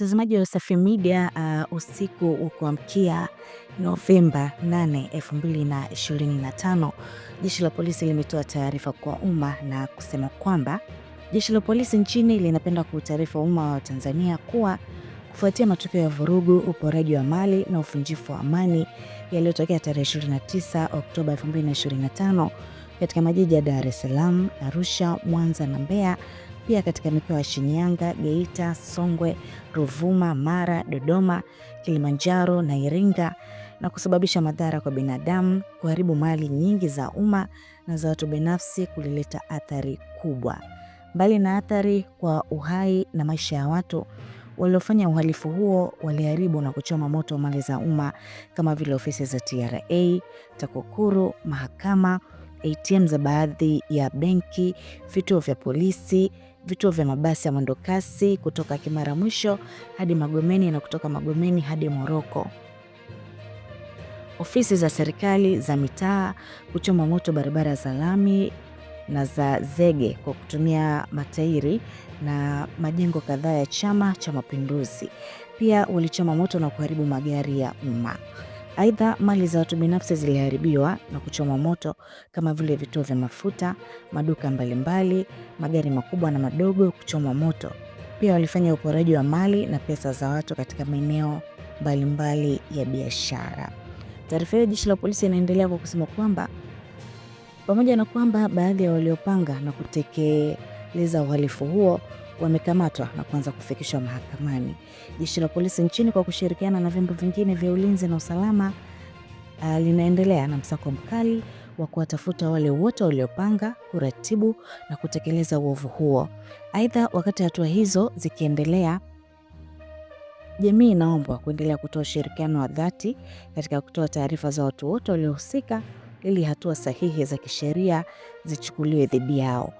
Mtazamaji wa Wasafi Media, uh, usiku wa kuamkia Novemba 8, 2025, jeshi la polisi limetoa taarifa kwa umma na kusema kwamba jeshi la polisi nchini linapenda kuutaarifa umma wa Tanzania kuwa kufuatia matukio ya vurugu, uporaji wa mali na uvunjifu wa amani yaliyotokea tarehe 29 Oktoba 2025 katika majiji ya Dar es Salaam, Arusha, Mwanza na Mbeya pia katika mikoa ya Shinyanga, Geita, Songwe, Ruvuma, Mara, Dodoma, Kilimanjaro na Iringa na kusababisha madhara kwa binadamu, kuharibu mali nyingi za umma na za watu binafsi, kulileta athari kubwa. Mbali na athari kwa uhai na maisha ya watu, waliofanya uhalifu huo waliharibu na kuchoma moto mali za umma kama vile ofisi za TRA, TAKUKURU, mahakama, ATM za baadhi ya benki, vituo vya polisi vituo vya mabasi ya mwendokasi kutoka Kimara Mwisho hadi Magomeni na kutoka Magomeni hadi Moroko. Ofisi za serikali za mitaa kuchoma moto barabara za lami na za zege kwa kutumia matairi na majengo kadhaa ya Chama cha Mapinduzi. Pia walichoma moto na kuharibu magari ya umma. Aidha, mali za watu binafsi ziliharibiwa na kuchomwa moto kama vile vituo vya mafuta, maduka mbalimbali, magari makubwa na madogo kuchomwa moto. Pia walifanya uporaji wa mali na pesa za watu katika maeneo mbalimbali ya biashara. Taarifa hiyo jeshi la polisi inaendelea kwa kusema kwamba pamoja na kwamba baadhi ya waliopanga na kutekeleza uhalifu huo wamekamatwa na kuanza kufikishwa mahakamani. Jeshi la polisi nchini kwa kushirikiana na vyombo vingine vya ulinzi na usalama uh, linaendelea na msako mkali wa kuwatafuta wale wote waliopanga, kuratibu na kutekeleza uovu huo. Aidha, wakati hatua hizo zikiendelea, jamii inaombwa kuendelea kutoa ushirikiano wa dhati katika kutoa taarifa za watu wote waliohusika ili hatua sahihi za kisheria zichukuliwe dhidi yao.